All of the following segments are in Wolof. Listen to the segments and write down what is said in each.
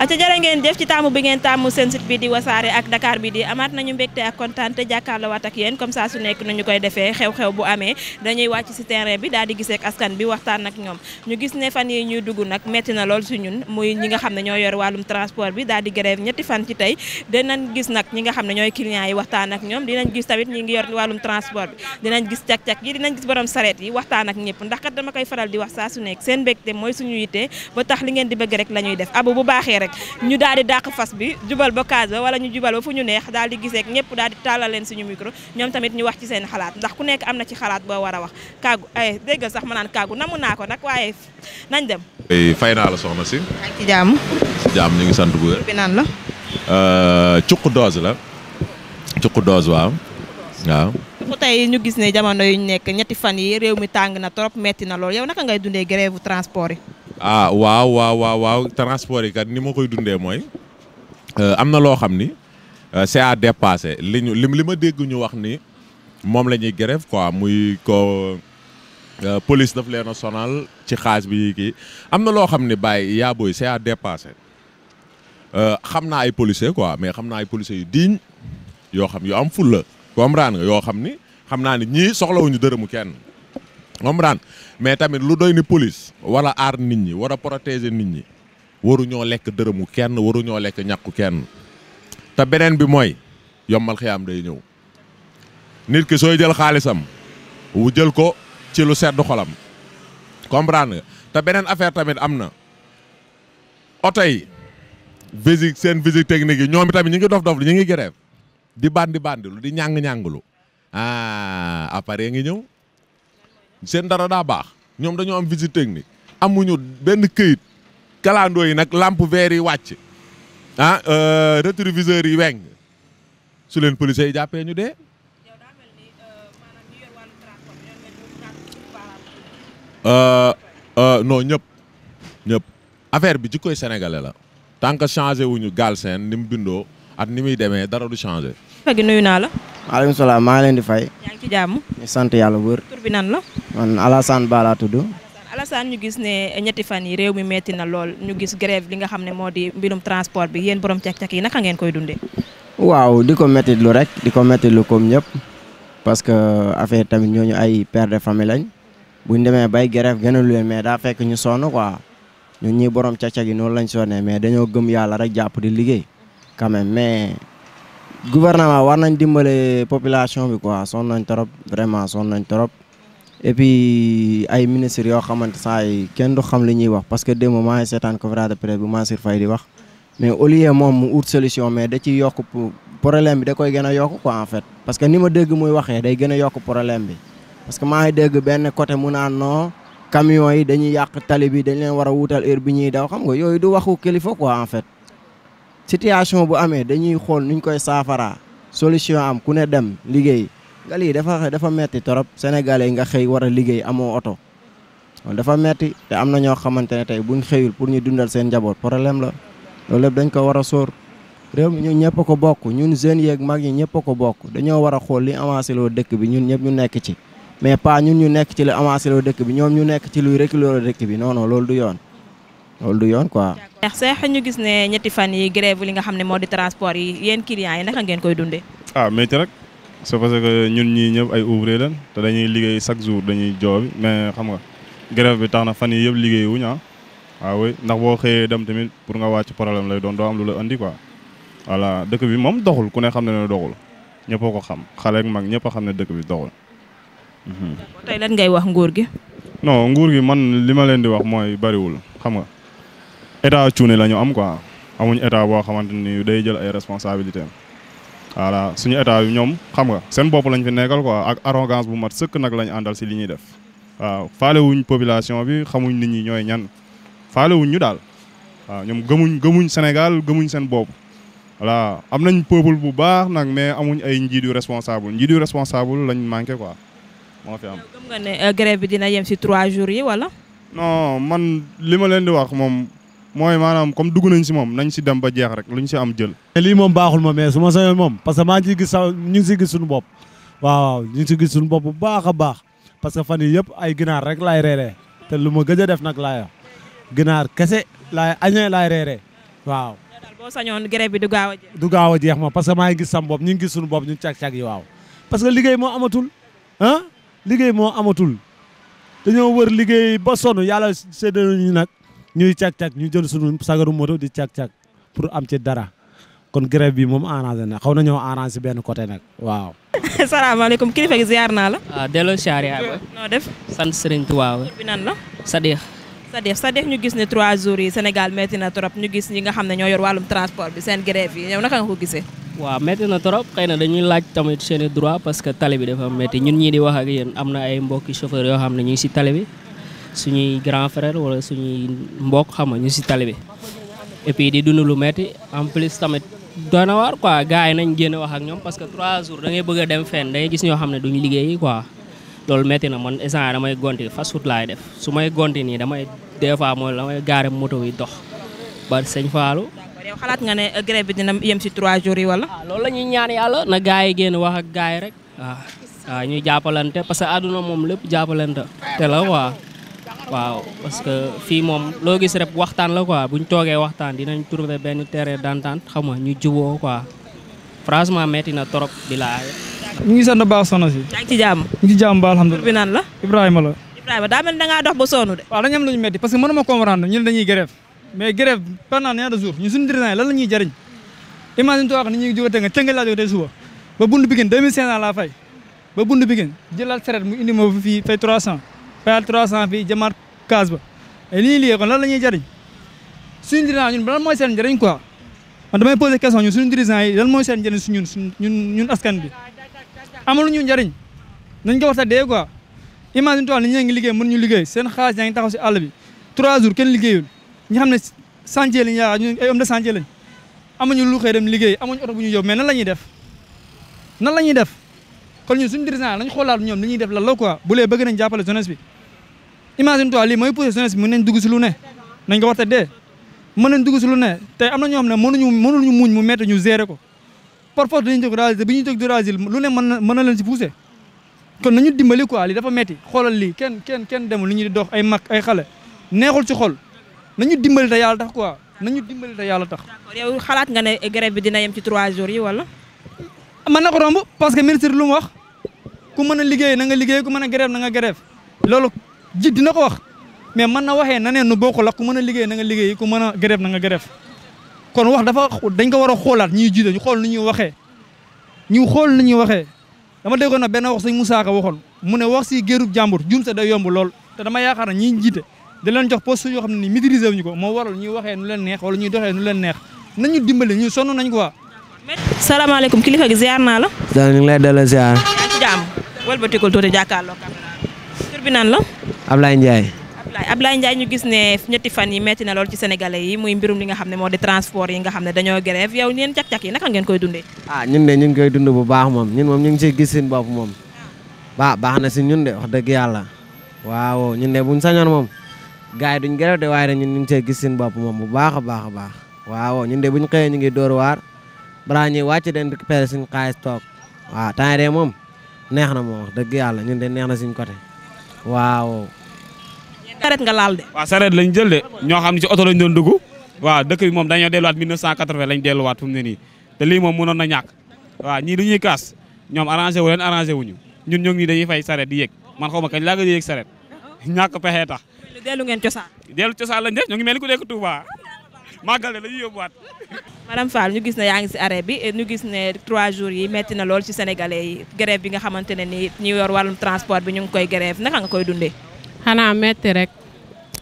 अच्छा जरा jërë ngeen jëf ci taamu bi ngeen taamu seen site bi di wasaare ak Dakar bi di amaat nañu mbégte ak kontaan te jàkkaarloo ak yéen comme ça su nekk nañu koy defee xew-xew bu amee dañuy wàcc si terrain bi daal di gisee ak askan bi waxtaan ak ñoom gis ne fan ñuy dugg nag metti na lool si ñun muy ñi nga xam ne yor wàllum transport bi daal di grève ñetti fan ci tey dinañ gis nag ñi nga xam ne ñooy clients yi waxtaan ak ñoom dinañ gis tamit ñi ngi yor wàllum transport bi dinañ gis cak-cak yi dinañ gis borom sareet yi waxtaan ak ñëpp ndax kat dama koy faral di wax saa su nekk seen mbégte mooy suñu yitte ba tax li ngeen di bëgg rek la ñuy def abu bu baaxee ñu daal di dàq fas bi jubal ba case ba wala ñu jubal ba fu ñu neex daal di gisee ak ñëpp daal di tàllal leen suñu micro ñoom tamit ñu wax ci seen xalaat ndax ku nekk am na ci xalaat boo war a wax kàggu ay dégg sax ma naan kàggu namu naa ko nag waaye nañ dem. fay naa la si. ak ci jàmm. si la. Euh, cuq dose la. cuq dose waaw. ñu gis ne jamono yu ñu nekk ñetti fan yi réew mi tàng na trop metti na lool yow naka ngay dundee grève transport yi. ah waaw waaw waaw waaw transport yi kat ni ma koy dundee mooy euh, am na loo xam ni euh, c'est à dépasser li ñu li ma dégg ñu wax ni moom la ñuy grève quoi muy ko euh, police daf leen a sonal ci xaas bi ki am na loo xam ni bàyyi yaa booy c'est à xam naa ay policiers quoi mais xam naa ay policiers yu digne yoo xam yu am fulla comprendre nga yoo xam ni xam naa ni ñii soxlawuñu dërëmu kenn. comprendre mais tamit lu doy ni police war aar nit ñi war a protéger nit ñi waruñoo lekk dërëmu kenn waruñoo lekk ñàkku kenn te beneen bi mooy yombal xiyaam day ñëw nit ki sooy jël xaalisam wu jël ko ci lu sedd xolam comprendre nga te beneen affaire tamit am na oto yi visite seen visite technique yi ñoom tamit ñu ngi dof dof ñu ngi grève di bandi bandi lu di ñàng ñànglu ah appareil ngi ñëw seen dara daa baax ñoom dañoo am visite technique amuñu benn këyit kalandoo yi nag lampe vert yi wàcc ah euh, rétroviseur yi weng su leen policiers yi jàppee ñu dee. Euh, euh, no ñëpp ñëpp affaire bi jikkoy sénégalais la tant que changé wuñu gaal seen ni mu bindoo ak ni muy demee dara du changé. nuyu naa la. maaleykum salaam maa leen di fay. ngi ci sant yàlla wër. tur bi nan la. man Alassane Ba laa tudd. Alassane ñu gis ne ñetti fan yi réew mi metti na lool ñu gis grève li nga xam ne moo di mbirum transport bi yéen borom càq yi naka ngeen koy dundee. waaw di ko métti lu rek di ko métti lu comme ñëpp parce que affaire tamit ñooñu ay pere de famille lañ ñu demee bay grève gën a lu mais daa fekk ñu sonn quoi ñun ñii borom càq yi noonu lañ sonnee mais dañoo gëm yàlla rek jàpp di liggéey quand même gouvernement war nañ dimbale population bi quoi son nañ trop vraiment son nañ trop et puis ay ministres yoo xamante saa yi kenn du xam li ñuy wax parce que démb maa ngi seetaan conférence a presse bu Mansour Faye di wax mais au lieu moom mu ut solution mais da ciy yokk problème bi da koy gën a yokk quoi en fait parce que ni ma dégg muy waxee day gën a yokk problème bi parce que maa ngi dégg benn côté mu naan non camions yi dañuy yàq tali bi dañ leen war a wuutal heure bi ñuy daw xam nga yooyu du waxu kilifa quoi en fait situation bu amee dañuy xool nuñ koy saafaraa solution am ku ne dem liggéey nga lii dafa dafa metti torop yi nga xëy war a liggéey amoo oto loolu dafa metti te am na ñoo xamante ne tey buñ xëyul pour ñu dundal seen njaboot problème la loolu lépp dañ ko war a sóor réew mi ñun ñëpp ko bokk ñun jeunes yeeg mag ñi ñëpp ko bokk dañoo war a xool li avancé loo dëkk bi ñun ñëpp ñu nekk ci mais pas ñun ñu nekk ci lu avancé loo dëkk bi ñoom ñu nekk ci luy reculé loo dëkk bi non loolu du yoon loolu du yoon quoi. ndax seex ñu gis ne ñetti fan yi grève li nga xam ne moo di transport yi yen clients yi naka ngeen koy dundee. ah métti rek c'est parce que ñun ñii ñëpp ay ouvrier lañ te dañuy liggéey chaque jour dañuy joobi mais xam nga grève bi tax na fan yi yëpp liggéey wuñ ah. waaw ah ndax boo xëyee dem tamit pour nga wàcc problème lay doon doo am lu la andi quoi voilà dëkk bi moom doxul ku ne xam ne ne doxul ñëpp ko xam xale ak mag ñëpp xam ne dëkk bi doxul. Mhm. ngay wax nguur gi. non nguur gi man li ma leen di wax mooy bariwul xam nga. état cuune la ñu am quoi amuñ état boo xamante ni day jël ay responsabilités voilà suñu état bi ñoom xam nga seen bopp lañ fi nekkal quoi ak arrogance bu mat sëkk nag lañ àndal si li ñuy def waaw faalewuñ population bi xamuñ nit ñi ñooy ñan faalewuñ ñu daal ñoom gëmuñ gëmuñ Sénégal gëmuñ seen bopp wala am nañ peuple bu baax nag mais amuñ ay njiit yu responsable njiit yu responsable lañ manqué quoi moo fi am. gëm euh, dina yem si trois jours yi wala. non man li ma leen di wax moom. mooy maanaam comme dugg nañ si moom nañ si dem ba jeex rek luñ si am jël. lii moom baaxul ma mais su ma sañoon moom parce que maa ngi ciy gis ñu ngi si ngi gis suñu bopp bu baax a parce que fan yëpp ay ginaar rek laay reeree te lu ma gëj a def nag laay ginaar kese laay añee laay reeree waaw. boo sañoon grève bi du gaaw a du gaaw a jeex ma parce que maa gis sam bopp ñu ngi gis suñu bopp ñu cag-cag yi waaw parce que liggéey moo amatul ah liggéey moo amatul dañoo wër liggéey ba sonn yàlla séddale ñu nag ñu càq-càq ñu jël suñu sagaru moto di càq-càq pour am ci dara kon grève bi moom arrangé na xaw na ñoo arrangé benn côté nag waaw. salaamaaleykum kilifa gi ziar naa la. waaw ah, delloo siyaare noo def san Serigne Touba. bi nan la. Sadikh. Sadikh Sadikh ñu gis ne trois jours yi Sénégal métti na trop ñu gis ñi nga xam ne ñoo yor wàllum transport bi seen grève yi ñoom naka nga ko gisee. waaw métti na trop xëy na dañuy laaj tamit seen droit parce que tali bi dafa ñun ñii di wax ak am na ay mbokki chauffeur yoo xam ne ñu ngi si tali bi. suñuy grand frère wala suñuy mbokk xam nga ñu si tali bi et puis di lu metti en plus tamit doy na waar quoi gars yi nañ génn wax ak ñoom parce que trois jours da ngay bëgg a da ñoo xam ne duñu liggéey quoi loolu metti na man instant damay gonti fast food laay def su may gonti nii damay des fois mooy damay gaare moto yi dox ba sëñ Fallou. nga ne grève bi dina yem si trois jours yi wala. Ah, loolu la ñuy ñaan yàlla na gars yi génn wax ak gars yi rek waaw ah, ah, waaw ñuy jàppalante parce que àdduna moom lépp jàppalante te la waaw. waaw parce que fii moom loo gis rek waxtaan la quoi buñ toogee waxtaan dinañ trouver benn terrain d'entente xam nga ñu juboo quoi franchement metti na trop di laay. ñu ngi sant baax soxna si. yaa ngi ci jàmm. ñu ngi ci jàmm ba alhamdulilah. tur bi naan la. Ibrahima la. Ibrahima daa mel ni da ngaa dox ba sonn de. waaw dañu am lu ñu parce que mënuma comprendre ñun dañuy grève mais grève pendant ñaata jours ni ñuy jóge te nga tëngal laa jóge tey suba ba bund Pikine 2500 laa fay ba bund Pikine jëlaat saret mu indi fayal 300 fii jëmaat kaas ba et li ñuy liggéey kon lan la ñuy jëriñ suñu dirigeant ñun lan mooy seen njëriñ quoi man damay posé question ñun suñu dirigeant yi lan mooy seen njëriñ suñu ñun ñun askan bi amaluñu njëriñ nañ ko war a dee quoi imagine toi ni ñu ngi liggéey mënuñu liggéey seen xaalis yaa ngi taxaw si àll bi 3 jours kenn liggéeyul ñi xam ne chantier lañ yaakaar ñun ay homme de chantier lañ amuñu lu xëy dem liggéey amuñu oto bu ñu yóbbu mais nan la ñuy def nan la ñuy def kon ñun suñu dirigeant lañ xoolaat ñoom li ñuy def lan la quoi bu bi imagine toi lii mooy poussé jeunesse bi mën nañ si lu ne nañ ko war te dee mën nañ dugg si lu ne te am na ñoo xam ne mënuñu mënuñu muñ mu métti ñu gérer ko par force dañuy jóg réaliser bi ñuy jóg di réaliser lu ne mën na mën na leen si poussé kon nañu dimbali quoi lii dafa meti xoolal lii kenn kenn kenn demul li ñu di dox ay mag ay xale neexul ci xol nañu dimbali te yàlla tax na nañu dimbali te yàlla tax. d'accord yow xalaat nga ne grève bi dina yem ci 3 jours yi wala. mën na ko romb parce que ministre lu mu wax ku mën a liggéey na nga liggéey ku mën a grève na nga grève loolu ji dina ko wax mais mën na waxee na neen nu bokk ak ku mën a liggéey na nga liggéey ku mën a grève na nga grève kon wax dafa dañ ko war a xoolaat ñii jiite ñu xool nu ñuy waxee ñu xool nu ñuy waxee dama déggoon na benn wax sëñ Moussa Ka waxoon mu ne wax si géerub jàmbur jum sa day yomb lool te dama yaakaar ne ñi jiite da leen jox poste yoo xam ne ni maîtriser wuñu ko moo waral ñuy waxee nu leen neex wala ñuy doxee nu leen neex nañu dimbale ñu sonnu nañ quoi. salaamaaleykum kilifa gi ziar naa la. daal lay dalal ziar. yaa ngi ci jàmm wëlbatikul tuuti jàkkaarloo. la. Ablaye Ndiaye. Ablaye Ndiaye ñu gis ne ñetti fan yi metti na lool ci sénégalais yi muy mbirum li nga xam ne moo di transport yi nga xam ne dañoo grève yow ñeen cak-cak yi naka ngeen koy dunde ah ñun de ñu ngi koy dund bu baax moom ñun moom gis seen bopp moom baa baax na si ñun de wax dëgg yàlla waaw ñun de buñ sañoon moom gars duñ grève de waaye de ñun ñu ngi ciy gis seen bopp moom bu baax a baax a baax waaw ñun de buñ xëyee ñu ngi door waar balaa ñuy wàcc den récupéré suñ xaalis toog waaw temps de moom neex na moom wax dëgg yàlla ñun de neex na suñ côté waaw sareet nga laal de. waaw sareet lañ jël de ñoo xam ne ci oto lañ doon dugg waaw dëkk bi moom dañoo delluwaat 1980 lañ delluwaat fu mu ne nii te lii moom mënoon na ñàkk waaw ñii dañuy kaas ñoom arrangé wu leen wu ñu ñun ñoo ngi nii dañuy fay sareet di yëg man xaw ma kañ laa gën yëg sareet tax. dellu ngeen cosaan. dellu cosaan lañ def ñu ngi mel ni ku nekk Touba màggal ñu gis ne yaa ngi si arrêt bi ñu gis ne trois jours yi metti na lool ci sénégalais yi bi nga xamante ne nii ñu yor wàllum transport bi ñu ngi koy grève naka nga koy dundee xanaa metti rek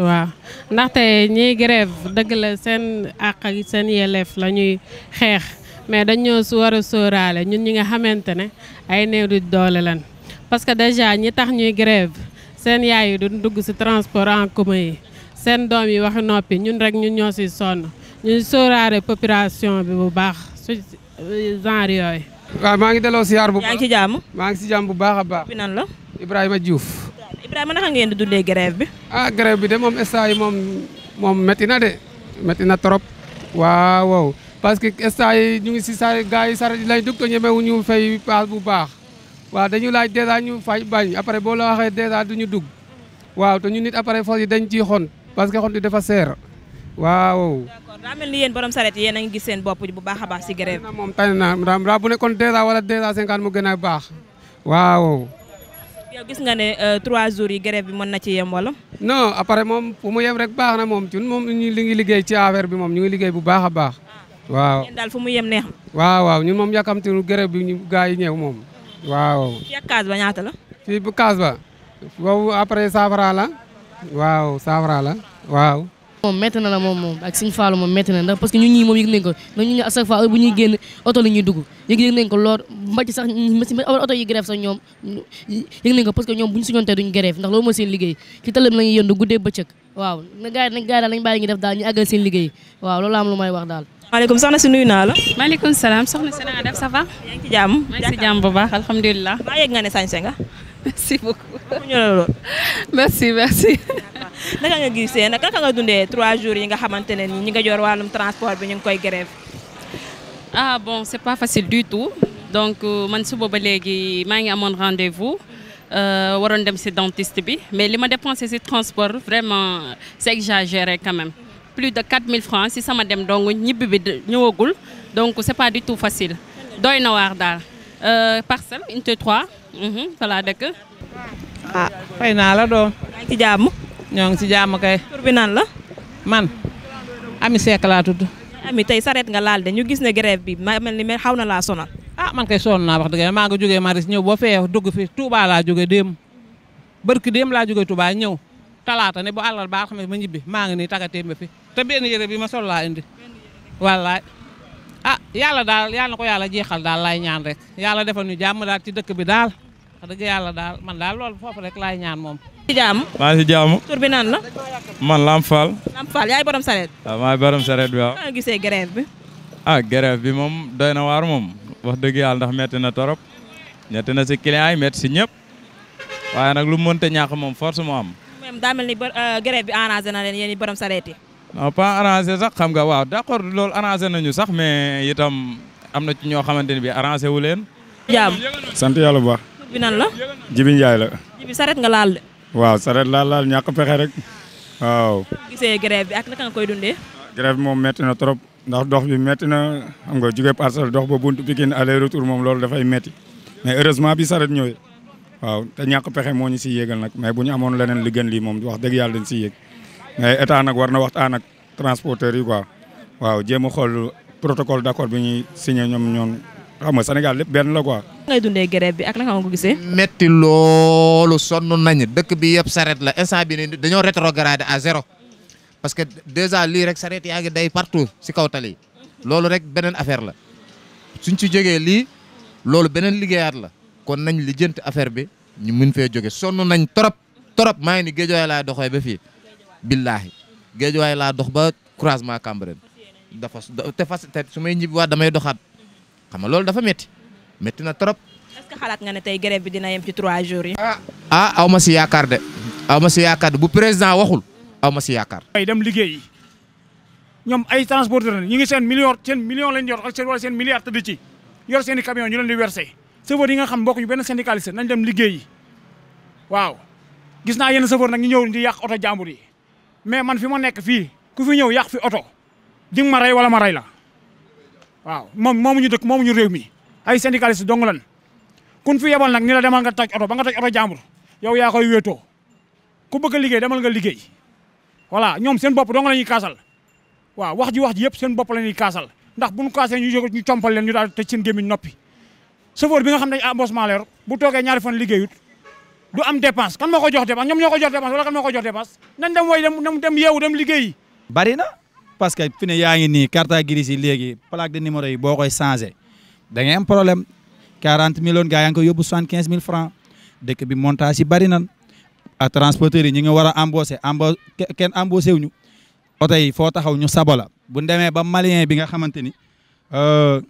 waaw ndaxte ñiy grève dëgg la seen àq seen yelleef la ñuy xeex mais dañoo war a sóoraale ñun ñi nga xamante ne ay néew doole lan parce que déjà ñi tax ñuy grève seen yaay yi duñ dugg ci transport en commun yi seen doom yi waxi noppi ñun rek ñu ñoo ci sonn ñu sóoraale population bi bu baax su genre yooyu. waaw maa ngi delloo siyaar bu baax jàmm. maa ngi ci jàmm bu baax a baax. bi nan la. Ibrahima Diouf. Ibrahima naka ngeen di dundee grève bi. ah grève bi de moom instant moom moom metti na de metti na trop waaw waaw parce que instant ñu ngi si sa gars yi saret yi lañ dugg te ñemewu ñu paas bu baax waa dañu laaj dèjà ñu fay bañ après boo la waxee dèjà du ñu dugg waaw te ñu nit après fos yi dañ ciy xon parce que xon di dafa seer waaw. d'accord daa mel ni yéen borom saret yéen a ngi gis seen bopp bu baax a baax si grève. moom tane na daa bu nekkoon dèjà wala dèjà cinquante mu gën a baax waaw. yow gis nga ne euh, trois jours yi grève bi mën na ci yem wala. non après moom fu mu yem rek baax na moom cun moom ñu li ngi liggéey ci affaire bi moom ñu ngi liggéey bu baax a baax. Ah. waaw daal fu mu yem neex waaw waaw ñun moom yàkkamti grève bi ñu gaay yi ñëw moom. waaw. fii ak kaas ba ñaata la. fii bu kaas ba. boobu après saafara la. waaw saafara la waaw. moom métti na la moom moom ak Serigne Fallou moom métti ndax parce que ñii moom yëg nañ ko ndax ñun ñi à chaque fois bu ñuy génn oto la dugg yëg nañ ko lool ñoom bu ñu suñoontee duñ grève ndax loolu mooy seen liggéey ci talam la ñuy yëndu guddee bëccëg waaw na gars daal nañ bàyyi ñu def daal ñu àggal seen liggéey waaw loolu am lu may wax daal maaleykum soxna si nuyu naa la maaleykum salaam soxna si na nga def ça va yaa ngi ci jàmm yaa ngi ci jàmm merci beaucoup. merci merci. naka nga gisee nag nga dundee trois jours yi nga xamante ne nii ñi nga jor wàllum transport bi ñu ngi koy grève. ah bon c'est pas facile du tout donc euh, man suba ba léegi maa ngi amoon rendez-vous. Euh, waroon dem ci dentiste bi mais li ma dépensé ci transport vraiment c'est exagéré quand même plus de mille francs si sama dem dong ñibbi bi ñëwagul donc c'est pas du tout facile doy na waar daal. Euh, parcelle unité 3. Mhm, fa laa dëkk. ah fay naa la doom. maa ngi ci jàmm. ñoo ngi ci kay. la. man Ami Seck laa tudd. Ami tey sareet nga laal de ñu gis ne grève bi ma mel ni mel xaw na laa sonal. ah man kay sonn naa wax dëgg maa ngi jógee Maris ñëw boo fee dugg fi Touba laa jógee démb. barki démb laa jógee Touba ñëw talaata ne bu àllal ba xam ne ma ñibbi maa ngi nii taggatémbe fi te benn yére bi ma sol laa indi wallaay. ah yàlla daal yàlla na ko yàlla jeexal daal laay ñaan rek yàlla defal ñu jàmm daal ci dëkk bi daal wax yàlla daal man daal lool foofu rek laay ñaan moom. ci jàmm maa ngi si jàmm. tur bi naan la. man Lam Fall. Lam Fall yaay borom sareet. waaw maay borom sareet bi waaw. nga gisee grève bi. ah grève bi moom doy na waar moom wax dëgg yàlla ndax metti na torop metti na si client yi metti si ñëpp waaye nag lu mu mënta ñàkk moom force mu am. même daa mel ni euh, grève bi arrangé na leen yéen borom sareet yi. non pas arrangé sax xam nga waaw d' accord loolu arrangé nañu sax mais itam am na ci ñoo xamante ne bii arrangé wu leen. sant yàlla bu baax. tur bi nan la. Jibi la. saret nga laal de. waaw saret laal laal ñàkk pexe rek waaw. gisee grève bi ak naka nga koy dundee. grève moom metti na trop ndax dox bi metti na xam nga jóge parcelle dox ba buntu Pikine aller retour moom loolu dafay metti mais heureusement bi saret ñooy waaw te ñàkk pexe moo ñu si yéegal nag mais bu amoon leneen li gën lii moom wax dëgg yàlla dañ si yéeg. mais état nag war na waxtaan ak transporteurs yi quoi waaw jéem a xool protocole d' accord bi ñuy signé ñoom ñoom xam nga Sénégal lépp benn la quoi. ngay bi ak la nga ko gisee. metti loolu sonn nañ dëkk bi yëpp saret la instant bi nii dañoo rétrogradé à zéro parce que déjà lii rek saret yaa ngi day partout si kaw tali loolu rek beneen affaire la suñ ci jógee lii loolu beneen liggéeyaat la kon nañ lijjanti affaire bi ñu mun fee jóge sonn nañ trop trop maa ngi ni géej waay laa doxee ba fii. billaahi géejuwaay laa dox ba croisement Cambérène dafa te fas te su may ñibbiwaat damay doxaat xam nga loolu dafa metti métti na trop. est-ce que ne tey grève bi dina yem ci trois jours yi. Ah. ah aw ma si yaakaar de aw ma si yaakaar de bu président waxul aw ma si yaakaar. ay dem liggéeyi ñoom ay transporteurs ñu ngi seen million seen million lañ yor ak seen wala seen milliard tëdd ci yor seen i camion ñu leen di versé. chauffeur yi nga xam bokk ñu benn syndicaliste nañ dem liggéeyi waaw gis naa yenn chauffeur nag ñu ñëw di yàq oto jàmbur yi. mais man fi ma nekk fii ku fi ñëw yàq fi oto di ma rey wala ma rey la waaw moom moomuñu dëkk moomuñu réew mi ay syndicaliste dong lan kun fi yebal nag ni la demal nga toj oto ba nga toj oto jàmbur yow yaa koy wéetoo ku bëgg a liggéey demal nga liggéey voilà ñoom seen bopp dong la ñuy kaasal waaw wax ji wax ji yëpp seen bopp la ñuy kaasal ndax bu ñu kaasee ñu jóg ñu compal leen ñu daal te seen gémmiñ noppi chauffeur bi nga xam ne ay embossement leer bu toogee ñaari fan liggéeyut du am dépense kan moo ko jox dépense ñoom ñoo ko jox dépense wala kan moo ko jox dépense nan dem mooy dem dem yeewu dem liggéeyi. bari na parce que fi ne yaa ngi nii carte grise yi léegi plaque de numéro yi boo koy changé da ngay problème quarante millions gaa yaa ngi koy yóbbu 75 mille francs dëkk bi montage yi bari nan ak ah, transporteurs yi ñu ngi war a embauché emba kenn embauché wuñu oto foo taxaw ñu sabola bu demee ba malien bi nga xamante ni euh,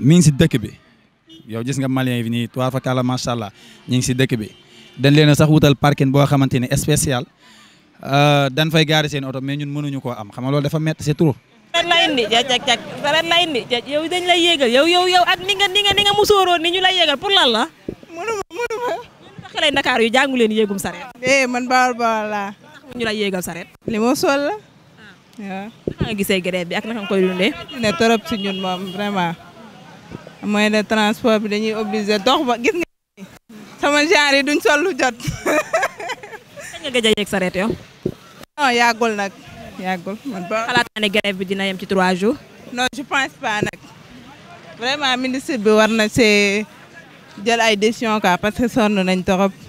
mi ngi si dëkk bi yow gis nga malien bi nii tuwaar fa kàlla macha allah ñu ngi si dëkk bi. dañ leen a sax wutal parking boo xamante ne spécial euh, dañ fay gaari seen oto mais ñun mënuñu koo am xam nga loolu dafa métti c'est trop. sareet la indi ja jag jag sareet la indi ja yow dañ lay yéegal yow yow yow ak ni nga ni nga ni nga musóoroon ni ñu lay yéegal pour lan la. mënuma mënuma. xale Ndakaar yu jàngu leen yéegum sareet. eh man bawal bawal laa. ñu lay yéegal sareet. li ma sol la. Ah. waaw naka nga gisee grève bi ak naka nga koy dundee. ne trop si ñun moom vraiment moyen de transport bi dañuy obligé dox ba gis nga. sama genre duñ sol lu jot. kañ nga gëj a yéeg sareet yow. yàggul nag yàggul man ba. xalaat naa ne grève bi dina yem ci trois jours. non je pense pas nag vraiment ministre bi war na see jël ay décision quoi parce que son nañ torop